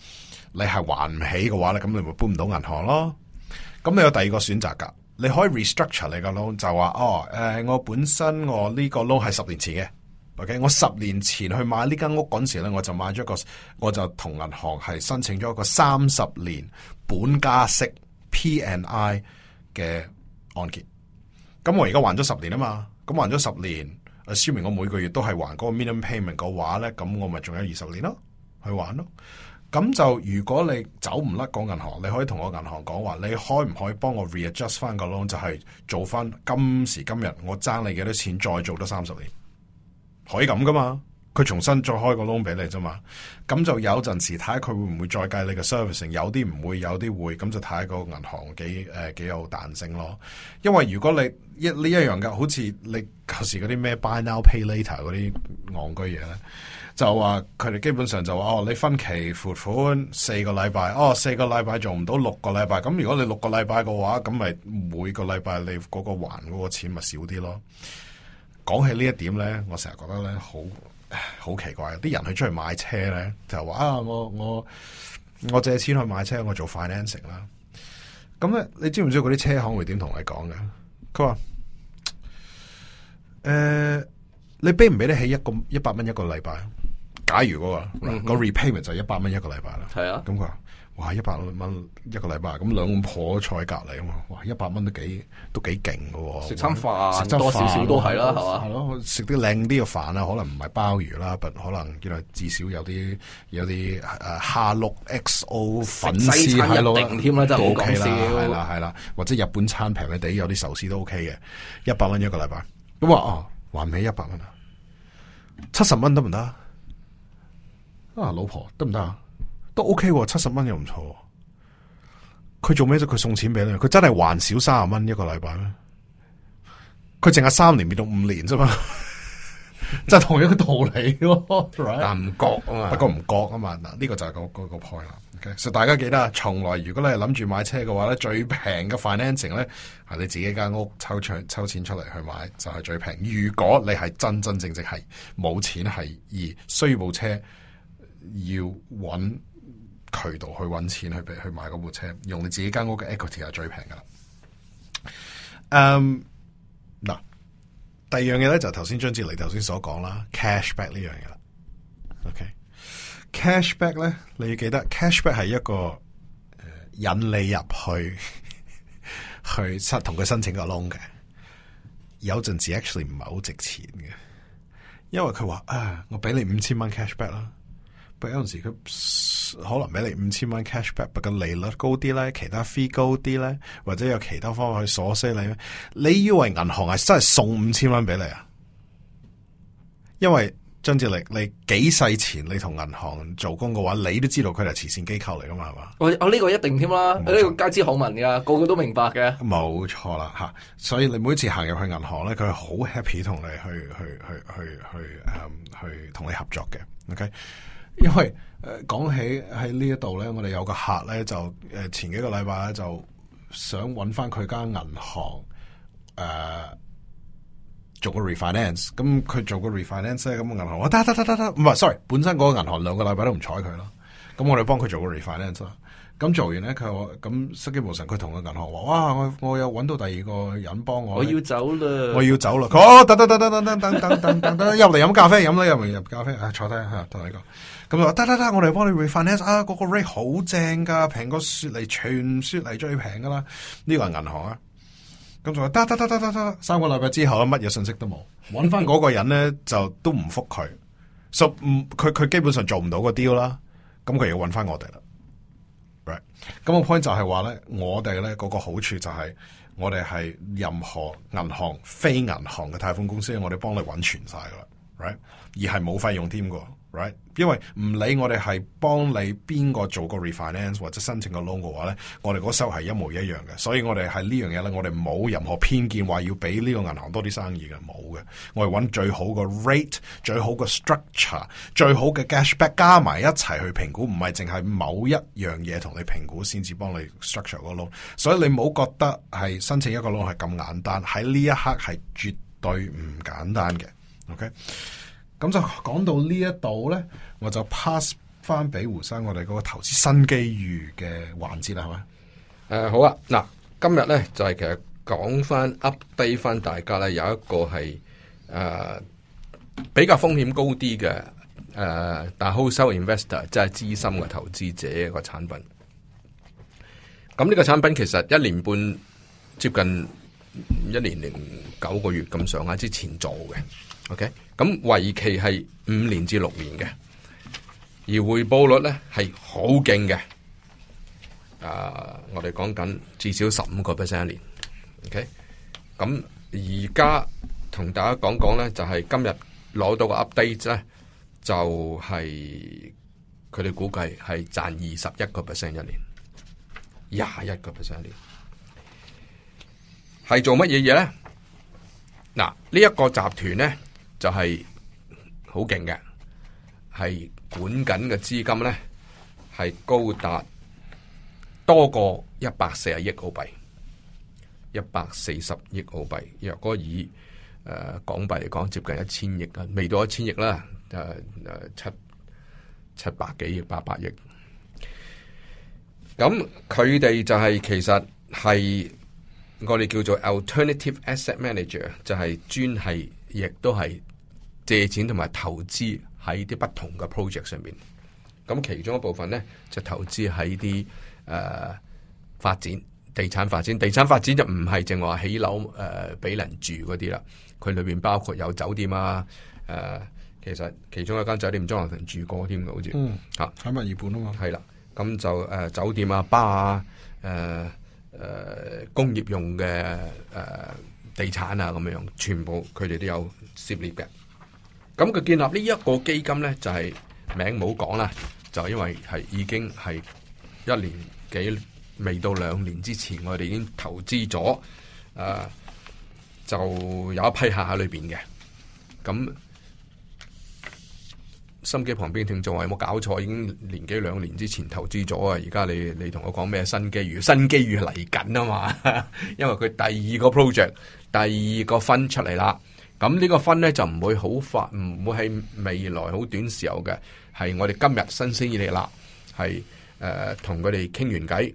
你係還唔起嘅話咧咁你咪搬唔到銀行咯咁你有第二個選擇噶你可以 restructure 你個 loan 就話哦誒、呃、我本身我呢個 loan 係十年前嘅 ok 我十年前去買間呢間屋嗰陣時咧我就買咗個我就同銀行係申請咗一個三十年本加息 P and I。嘅按揭，咁我而家還咗十年啊嘛，咁還咗十年，啊，說明我每個月都係還嗰個 minimum payment 嘅話咧，咁我咪仲有二十年咯，去還咯。咁就如果你走唔甩個銀行，你可以同個銀行講話，你可唔可以幫我 readjust 翻個 loan，就係做翻今時今日我爭你幾多錢，再做多三十年，可以咁噶嘛？佢重新再開個窿俾你啫嘛，咁就有陣時睇下佢會唔會再計你個 servicing，有啲唔會，有啲會，咁就睇下個銀行幾誒、呃、幾有彈性咯。因為如果你一呢一樣嘅，好似你舊時嗰啲咩 buy now pay later 嗰啲戇居嘢咧，就話佢哋基本上就話哦，你分期付款四個禮拜，哦四個禮拜做唔到六個禮拜，咁如果你六個禮拜嘅話，咁咪每個禮拜你嗰個還嗰個錢咪少啲咯。講起呢一點咧，我成日覺得咧好。好奇怪，啲人去出去買車咧，就話啊，我我我借錢去買車，我做 financing 啦。咁咧，你知唔知嗰啲車行會點同你講㗎？佢話誒，你俾唔俾得起一個一百蚊一個禮拜？假如嗰、個、嗯個 repayment 就一百蚊一個禮拜啦，係、嗯、啊，咁佢話。哇！一百蚊一個禮拜咁兩碗菜隔籬啊嘛！哇！一百蚊都幾都幾勁㗎喎，食餐飯多少少都係啦，係嘛？係咯，食啲靚啲嘅飯啊，可能唔係鮑魚啦，但可能叫做至少有啲有啲誒、啊、蝦碌 XO 粉絲係咯，定添咧就 O K 啦，係啦係啦，或者日本餐平嘅地有啲壽司都 O K 嘅，一百蚊一個禮拜咁啊，還唔起一百蚊啊？七十蚊得唔得啊？老婆得唔得啊？行都 OK，七十蚊又唔錯。佢做咩啫？佢送錢俾你，佢真係還少三十蚊一個禮拜咩？佢淨係三年變到五年啫嘛，即 係同一個道理咯。但、right? 唔 覺啊嘛，不過唔覺啊嘛。嗱，呢個就係、那個、那個個 point 啦。其、okay? 實、so, 大家記得啊，從來如果你係諗住買車嘅話咧，最平嘅 financing 咧係你自己間屋抽錢抽錢出嚟去買就係最平。如果你係、就是、真真正正係冇錢係而需要部車要揾。渠道去揾錢去俾去買嗰部車，用你自己間屋嘅 equity 係最平㗎啦。嗯，嗱，第二樣嘢咧就頭先張志麗頭先所講啦 cashback、okay，cashback 呢樣嘢啦。OK，cashback 咧你要記得，cashback 係一個引你入去 去申同佢申請個 loan 嘅，有陣時 actually 唔係好值錢嘅，因為佢話啊，我俾你五千蚊 cashback 啦。不過有陣時佢可能俾你五千蚊 cashback，不過利率高啲咧，其他 fee 高啲咧，或者有其他方法去鎖死你咧。你以為銀行係真係送五千蚊俾你啊？因為張智霖，你幾世前你同銀行做工嘅話，你都知道佢係慈善機構嚟噶嘛，係嘛？
我、啊、呢、呢個一定添啦，呢個街知巷聞噶，個個都明白嘅。
冇錯啦，吓！所以你每次行入去銀行咧，佢係好 happy 同你去去去去去去同、嗯、你合作嘅。OK。因為誒講、呃、起喺呢一度咧，我哋有個客咧就誒、呃、前幾個禮拜咧就想揾翻佢間銀行誒、呃、做個 refinance，咁佢做個 refinance 呢，咁銀行我得得得得得，唔係 sorry，本身嗰個銀行兩個禮拜都唔睬佢咯，咁我哋幫佢做個 refinance 啦。咁做完咧，佢話咁，失驚無神。佢同個銀行話，哇，我我又揾到第二個人幫我，我。我要走
啦！我要走啦！佢，得得得得得！」等等
等等，入嚟飲咖啡，飲啦，入嚟飲咖啡。啊，坐低同你講。咁就話，得得得，我哋幫你 refinance 咧啊，嗰個 rate 好正噶，平過雪梨，全雪梨最平噶啦。呢、呢個係銀行啊。咁就話，得得得得得得，三個禮拜之後乜嘢信息都冇，揾翻嗰個人咧就都唔覆佢，十、so, 唔，佢佢基本上做唔到個 deal 啦。咁佢要揾翻我哋啦。咁、那個 point 就係話呢，我哋呢嗰個好處就係、是、我哋係任何銀行、非銀行嘅貸款公司，我哋幫你搵全晒㗎喇，right？而係冇費用添㗎。Right? 因為唔理我哋係幫你邊個做個 refinance 或者申請個 loan 嘅話呢，我哋嗰收係一模一樣嘅，所以我哋係呢樣嘢呢，我哋冇任何偏見話要俾呢個銀行多啲生意嘅，冇嘅。我哋搵最好個 rate、最好個 structure、最好嘅 cashback 加埋一齊去評估，唔係淨係某一樣嘢同你評估先至幫你 structure 個 loan。所以你冇覺得係申請一個 loan 係咁簡單？喺呢一刻係絕對唔簡單嘅。OK。咁就講到這呢一度咧，我就 pass 翻俾胡生我哋嗰個投資新機遇嘅環節啦，係嘛？
誒、呃，好啊，嗱，今日咧就係、是、其實講翻 update 翻大家咧，有一個係誒、呃、比較風險高啲嘅誒，但係 wholesale investor 即係資深嘅投資者一個產品。咁呢個產品其實一年半接近一年零九個月咁上下之前做嘅，OK。咁為期係五年至六年嘅，而回報率咧係好勁嘅。啊、呃，我哋講緊至少十五個 percent 一年。OK，咁而家同大家講講咧，就係、是、今日攞到個 update 咧，就係佢哋估計係賺二十一個 percent 一年，廿一個 percent 一年，係做乜嘢嘢咧？嗱、呢、這、一個集團咧，就係好勁嘅，係管緊嘅資金咧，係高達多過一百四十億澳幣，一百四十億澳幣，若果以誒港幣嚟講，接近一千億啊，未到一千億啦，誒誒七七百幾億，八百億。咁佢哋就係其實係我哋叫做 alternative asset manager，就係專係。亦都係借錢同埋投資喺啲不同嘅 project 上面。咁其中一部分咧就投資喺啲誒發展、地產發展、地產發展就唔係淨話起樓誒俾、呃、人住嗰啲啦，佢裏邊包括有酒店啊，誒、呃、其實其中一間酒店仲有人住過添嘅，好似吓，喺墨爾本啊嘛，係啦，咁就誒、呃、酒店啊、巴啊、誒、呃、誒、呃、工業用嘅誒。呃地產啊，咁樣全部佢哋都有涉獵嘅。咁佢建立呢一個基金咧，就係、是、名冇講啦，就因為係已經係一年幾未到兩年之前，我哋已經投資咗，誒、啊、就有一批客喺裏邊嘅咁。心機旁邊聽眾話有冇搞錯？已經年幾兩年之前投資咗啊！而家你你同我講咩新機遇？新機遇嚟緊啊嘛！因為佢第二個 project，第二個分出嚟啦。咁呢個分呢，就唔會好快，唔會喺未來好短時候嘅，係我哋今日新鮮以嚟啦。係誒同佢哋傾完偈，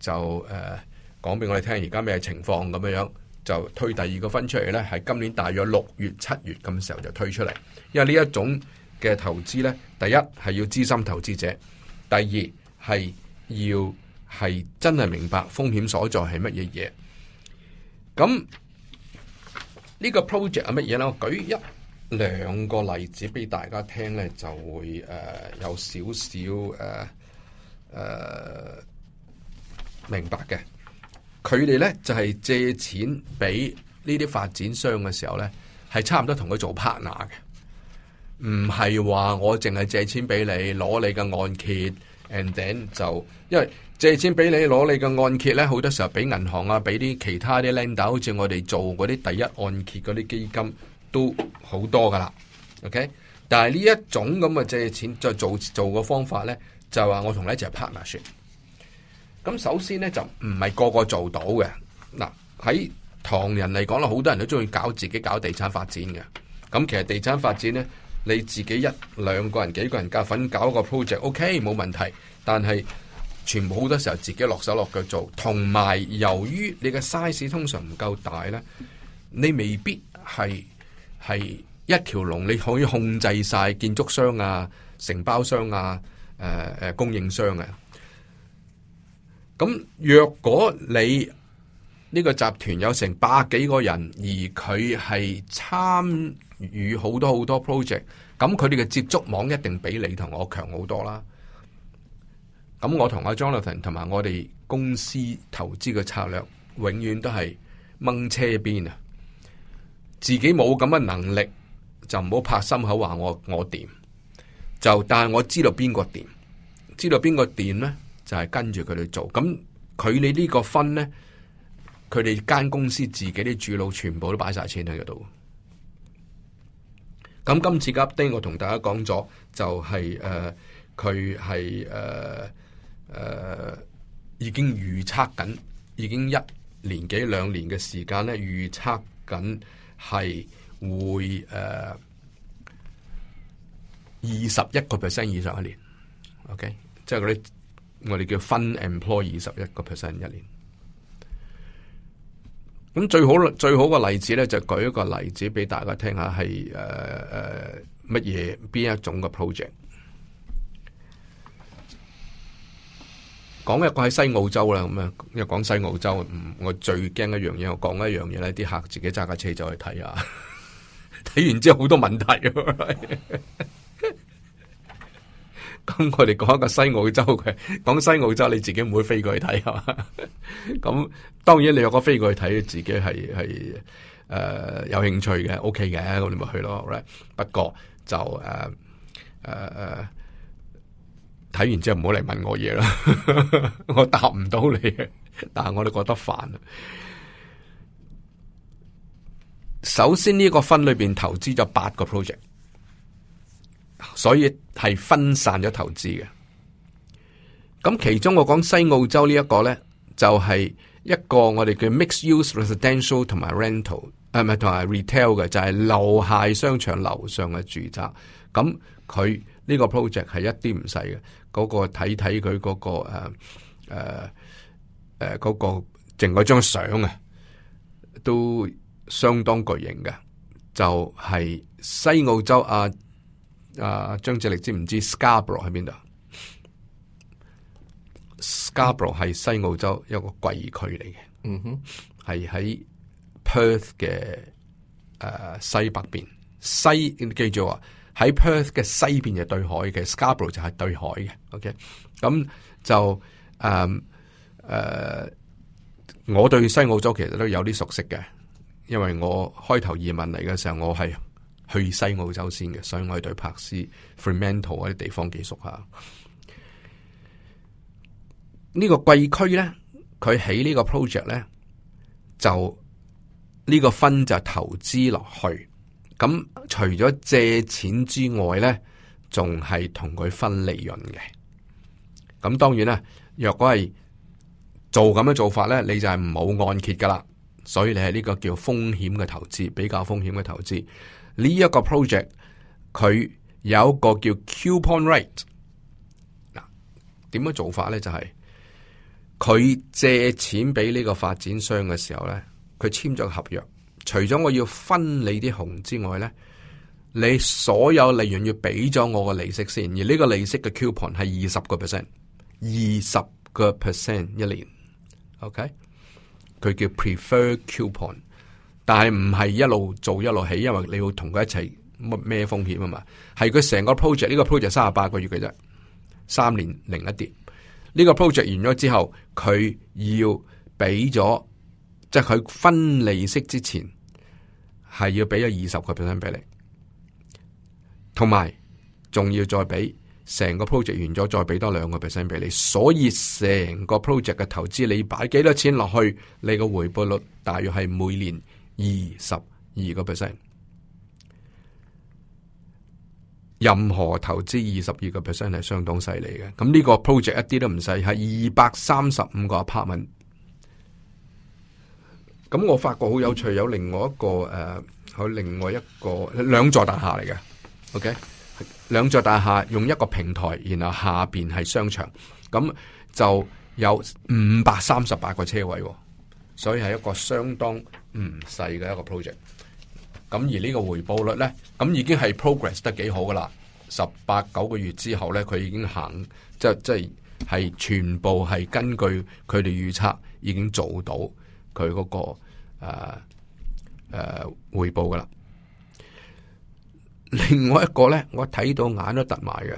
就誒、呃、講俾我哋聽而家咩情況咁樣，就推第二個分出嚟呢，係今年大約六月、七月咁時候就推出嚟，因為呢一種。嘅投資咧，第一係要資深投資者，第二係要係真係明白風險所在係乜嘢嘢。咁呢、這個 project 係乜嘢咧？我舉一兩個例子俾大家聽咧，就會誒、呃、有少少誒誒明白嘅。佢哋咧就係、是、借錢俾呢啲發展商嘅時候咧，係差唔多同佢做 partner 嘅。唔係話我淨係借錢俾你攞你嘅按揭，and then 就因為借錢俾你攞你嘅按揭咧，好多時候俾銀行啊，俾啲其他啲 l e n d e 好似我哋做嗰啲第一按揭嗰啲基金都好多噶啦，OK？但係呢一種咁嘅借錢再做做嘅方法咧，就話、是、我同呢隻 partner 說，咁首先咧就唔係個個做到嘅。嗱，喺唐人嚟講啦，好多人都中意搞自己搞地產發展嘅，咁其實地產發展咧。你自己一兩個人幾個人夾份搞個 project，OK、OK，冇問題。但係全部好多時候自己落手落腳做，同埋由於你嘅 size 通常唔夠大呢，你未必係係一條龍，你可以控制晒建築商啊、承包商啊、啊、啊、供應商啊。咁若果你呢、呢個集團有成百幾個人，而佢係參。與好多好多 project，咁佢哋嘅接觸網一定比你同我強好多啦。咁我同阿 Jonathan 同埋我哋公司投資嘅策略，永遠都係掹車邊啊！自己冇咁嘅能力，就唔好拍心口話我我掂。就但係我知道邊個掂，知道邊個掂呢，就係跟住佢哋做。咁佢哋呢個分呢，佢哋間公司自己啲主腦全部都擺晒錢喺度。咁今次嘅 update 我同大家講咗，就是，就係誒佢係誒誒已經預測緊已經一年幾兩年嘅時間咧預測緊係會誒二十一個 percent 以上一年，OK，即係啲我哋叫分 employee 二十一個 percent 一年。咁最好最好嘅例子咧，就舉一個例子俾大家聽下，係誒誒乜嘢邊一種嘅 project？講一個喺西澳洲啦，咁啊，因為講西澳洲，我最驚一樣嘢，我講一樣嘢咧，啲客自己揸架車走去睇下，睇完之後好多問題。Right? 咁我哋講一個西澳洲嘅，講西澳洲你自己唔會飛過去睇係嘛？咁 當然你若果飛過去睇，自己係係誒有興趣嘅，OK 嘅，咁你咪去咯。Right? 不過就誒誒，睇、呃呃、完之後唔好嚟問我嘢啦， 我答唔到你，但係我哋覺得煩。首先呢個 fund 裏邊投資咗八個 project。所以係分散咗投資嘅，咁其中我講西澳洲呢一個呢，就係、是、一個我哋叫 mixed-use residential 同埋 rental，誒唔係同埋 retail 嘅，就係、是、樓下商場樓上嘅住宅。咁佢呢個 project 係一啲唔細嘅，嗰、那個睇睇佢嗰個誒誒誒嗰個剩嗰張相啊，都相當巨型嘅，就係、是、西澳洲啊。啊，張智力知唔知 Scarborough 喺邊度？Scarborough 係西澳洲一個貴區嚟嘅，嗯哼，係喺 Perth 嘅誒、啊、西北邊西，記住、okay? 啊，喺 Perth 嘅西邊嘅對海嘅 Scarborough 就係對海嘅。OK，咁就誒誒，我對西澳洲其實都有啲熟悉嘅，因為我開頭移民嚟嘅時候，我係。去西澳洲先嘅，所以我對柏斯、Fremantle 嗰啲地方幾熟下。呢個貴區咧，佢起呢個 project 咧，就呢個分就投資落去。咁除咗借錢之外咧，仲係同佢分利潤嘅。咁當然啦，若果係做咁嘅做法咧，你就係冇按揭噶啦。所以你係呢個叫風險嘅投資，比較風險嘅投資。呢一個 project 佢有一個叫 coupon rate 嗱，點樣做法咧，就係佢借錢俾呢個發展商嘅時候咧，佢簽咗合約，除咗我要分你啲紅之外咧，你所有利潤要俾咗我個利息先，而呢個利息嘅 coupon 係二十個 percent，二十個 percent 一年，OK，佢叫 prefer coupon。但係唔係一路做一路起，因為你要同佢一齊乜咩風險啊嘛？係佢成個 project 呢個 project 三十八個月嘅啫，三年零一啲。呢個 project 完咗之後，佢要俾咗即係佢分利息之前，係要俾咗二十個 percent 俾你，同埋仲要再俾成個 project 完咗再俾多兩個 percent 俾你。所以成個 project 嘅投資，你擺幾多錢落去，你個回報率大約係每年。二十二個 percent，任何投資二十二個 percent 係相當犀利嘅。咁呢個 project 一啲都唔細，係二百三十五個 apartment。咁我發覺好有趣，有另外一個誒、啊，有另外一個兩座大廈嚟嘅。OK，兩座大廈用一個平台，然後下邊係商場，咁就有五百三十八個車位，所以係一個相當。唔細嘅一個 project，咁而呢個回報率呢，咁已經係 progress 得幾好噶啦。十八九個月之後呢，佢已經行，即係即係係全部係根據佢哋預測，已經做到佢嗰個誒誒回報噶啦。另外一個呢，我睇到眼都突埋嘅，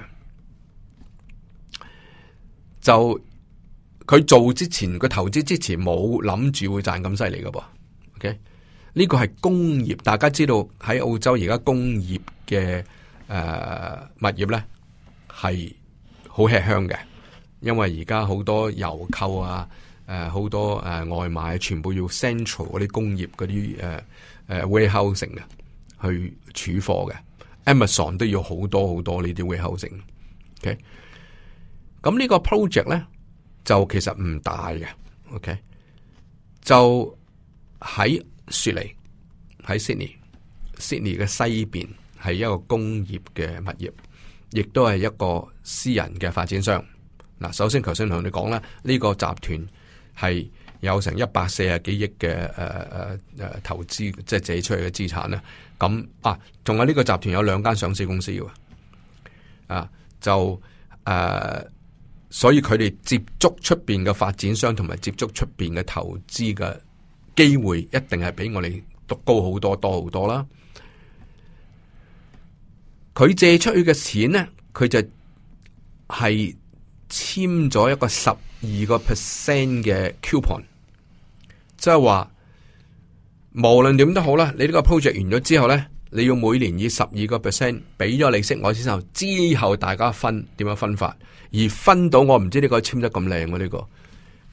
就佢做之前，佢投資之前冇諗住會賺咁犀利㗎噃。OK，呢個係工業，大家知道喺澳洲而家工業嘅誒、呃、物業呢係好吃香嘅，因為而家好多郵購啊，誒、呃、好多誒、呃、外賣全部要 central 嗰啲工業嗰啲誒誒、呃呃、warehouse 嘅去儲貨嘅，Amazon 都要好多好多呢啲 warehouse。OK，咁呢個 project 呢，就其實唔大嘅。OK，就。喺雪梨，喺 Sydney，Sydney 嘅西邊係一個工業嘅物業，亦都係一個私人嘅發展商。嗱，首先頭先同你講啦，呢個集團係有成一百四十幾億嘅誒誒誒投資，即係借出嚟嘅資產啦。咁啊，仲有呢個集團有兩間上市公司嘅，啊，就誒、啊，所以佢哋接觸出邊嘅發展商，同埋接觸出邊嘅投資嘅。機會一定係比我哋高好多多好多啦！佢借出去嘅錢呢，佢就係簽咗一個十二個 percent 嘅 coupon，即係話無論點都好啦，你呢個 project 完咗之後呢，你要每年以十二個 percent 俾咗利息我先，之後大家分點樣分法，而分到我唔知呢個簽得咁靚嘅呢個，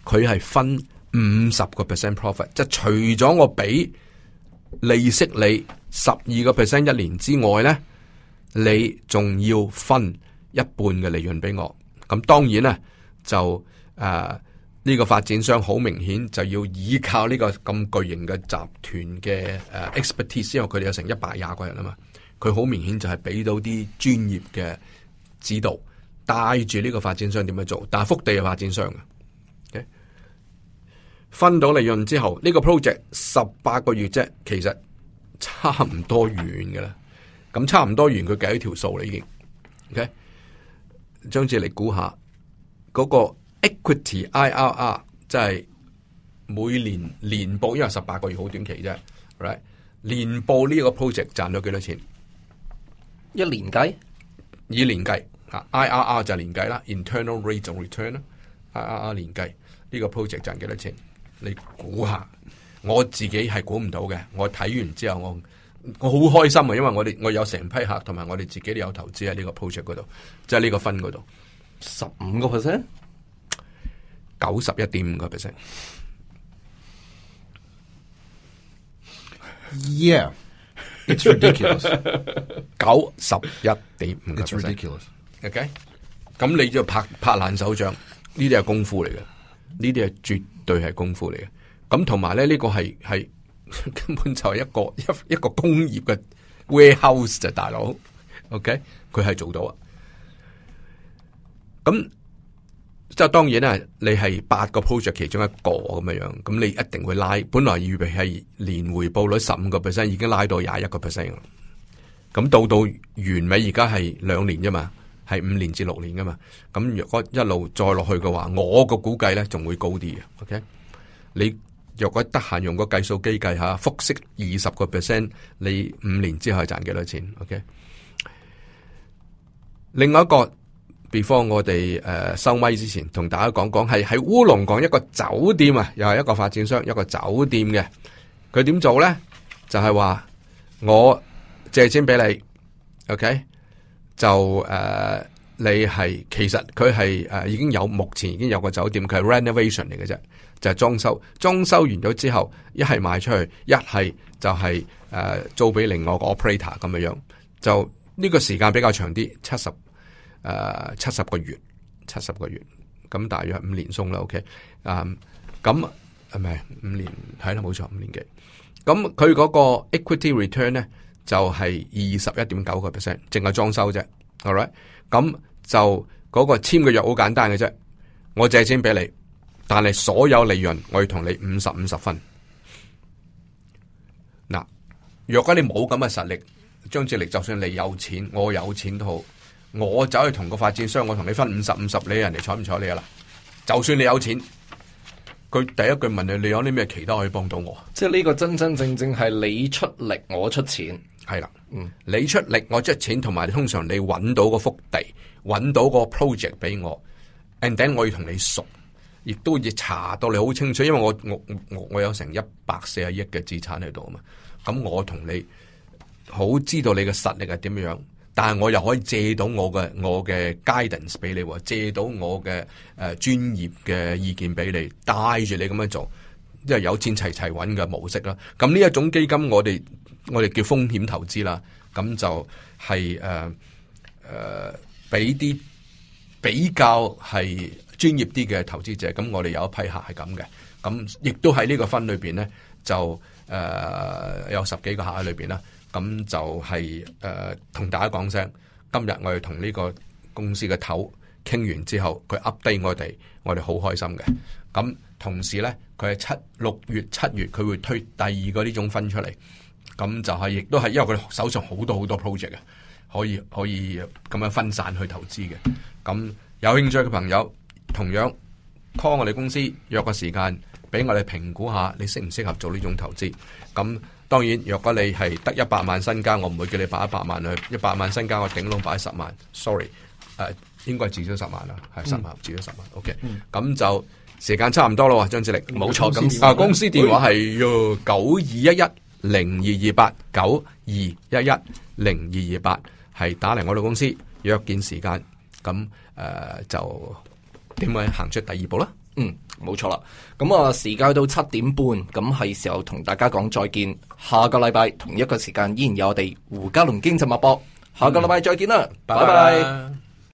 佢係分。五十個 percent profit，即係除咗我俾利息你十二個 percent 一年之外咧，你仲要分一半嘅利潤俾我。咁當然啦，就誒呢個，啊這個發展商好明顯就要依靠呢個咁巨型嘅集團嘅誒 expertise，因為佢哋有成一百廿個人啊嘛。佢好明顯就係俾到啲專業嘅指導，帶住呢個發展商點樣做。但係福地嘅發展商分到利潤之後，呢、這個 project 十八個月啫，其實差唔多，多完噶啦。咁差唔多完，佢計一條數啦已經。OK，張志嚟估下嗰、那個 equity IRR，即係每年年報，因為十八個月好短期啫。Right，年報呢個 project 賺咗幾多錢？一年計，以年計吓，IRR 就係年計啦，internal rate of return 啦，IRR 年計，呢、這個 project 賺幾多錢？你估下，我自己係估唔到嘅。我睇完之後我，我我好開心啊，因為我哋我有成批客，同埋我哋自己都有投資喺呢個 project 嗰度，即係呢個分嗰度，十五個 percent，九十一點五個 percent。Yeah，it's ridiculous。九十一點五個 percent。OK，咁你就拍拍爛手掌，呢啲係功夫嚟嘅，呢啲係絕。對，係功夫嚟嘅，咁同埋咧呢個係係根本就係一個一一個工業嘅 warehouse，就大佬，OK，佢係做到啊，咁即係當然啦，你係八個 project 其中一個咁樣樣，咁你一定會拉，本來預備係年回報率十五個 percent 已經拉到廿一個 percent 啦，咁到到完美而家係兩年啫嘛。係五年至六年噶嘛？咁若果一路再落去嘅話，我個估計咧仲會高啲嘅。O、okay? K，你若果得閒用個計數機計下，複息二十個 percent，你五年之後賺幾多錢？O、okay? K，另外一個地方，Before、我哋誒、呃、收咪之前同大家講講，係喺烏龍港一個酒店啊，又係一個發展商一個酒店嘅。佢點做咧？就係、是、話我借錢俾你。O K。就誒、呃，你係其實佢係誒已經有，目前已經有個酒店，佢係 renovation 嚟嘅啫，就係、是、裝修。裝修完咗之後，一係賣出去，一係就係、是、誒、呃、租俾另外個 operator 咁樣。就呢個時間比較長啲，七十誒七十個月，七十個月，咁大約五年送啦。OK，啊咁係咪五年？係啦，冇錯，五年幾。咁佢嗰個 equity return 咧？就係二十一點九個 percent，淨係裝修啫，係咪？咁就嗰個簽嘅約好簡單嘅啫。我借錢俾你，但係所有利潤我要同你五十五十分。嗱，若果你冇咁嘅實力，張志力，就算你有錢，我有錢都好，我走去同個發展商，我同你分五十五十，你人哋睬唔睬你啊？啦，就算你有錢，佢第一句問你：你有啲咩其他可以幫到我？即係呢個真真正正係你出力，我出錢。係啦、嗯，你出力，我出錢，同埋通常你搵到個幅地，搵到個 project 俾我，and then 我要同你熟，亦都要查到你好清楚，因為我我我我有成一百四十億嘅資產喺度啊嘛，咁我同你好知道你嘅實力係點樣，但係我又可以借到我嘅我嘅 guidance 俾你，借到我嘅誒專業嘅意見俾你，帶住你咁樣做，即係有錢齊齊揾嘅模式啦。咁呢一種基金我哋。我哋叫風險投資啦，咁就係誒誒，俾、呃、啲比，比較係專業啲嘅投資者，咁我哋有一批客係咁嘅，咁亦都喺呢個分裏邊咧，就誒、呃、有十幾個客喺裏邊啦，咁就係誒同大家講聲，今日我哋同呢個公司嘅頭傾完之後，佢 update 我哋，我哋好開心嘅，咁同時咧，佢係七六月七月佢會推第二個呢種分出嚟。咁就係亦都係，因為佢手上好多好多 project 嘅，可以可以咁樣分散去投資嘅。咁有興趣嘅朋友，同樣 call 我哋公司，約個時間，俾我哋評估下你適唔適合做呢種投資。咁當然，若果你係得一百萬身家，我唔會叫你擺一百萬去，一百萬身家我頂籠擺十萬，sorry，誒、呃，應該係至少十萬啦，係十萬，至少十萬。OK，咁、嗯、就時間差唔多咯，張志力，冇、嗯、錯。咁啊，公司電話係要九二一一。嗯零二二八九二一一零二二八，
係打嚟我哋公司約見時間，咁誒、呃、就點樣行出第二步啦？嗯，冇錯啦。咁啊，時間去到七點半，咁係時候同大家講再見。下個禮拜同一個時間依然有我哋胡嘉龍經濟脈搏，下個禮拜再見啦，拜、嗯、拜。Bye bye bye bye